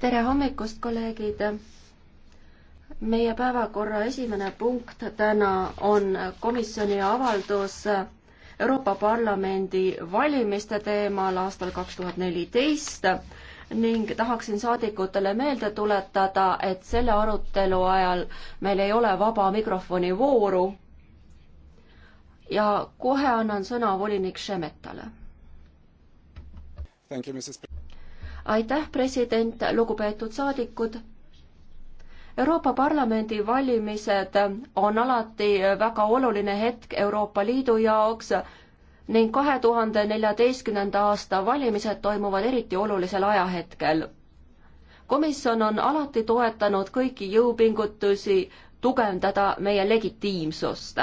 tere hommikust, kolleegid! meie päevakorra esimene punkt täna on komisjoni avaldus Euroopa Parlamendi valimiste teemal aastal kaks tuhat neliteist ning tahaksin saadikutele meelde tuletada, et selle arutelu ajal meil ei ole vaba mikrofoni vooru. ja kohe annan sõna volinik Šemetale aitäh, president, lugupeetud saadikud. Euroopa Parlamendi valimised on alati väga oluline hetk Euroopa Liidu jaoks ning kahe tuhande neljateistkümnenda aasta valimised toimuvad eriti olulisel ajahetkel. komisjon on alati toetanud kõiki jõupingutusi tugevdada meie legitiimsust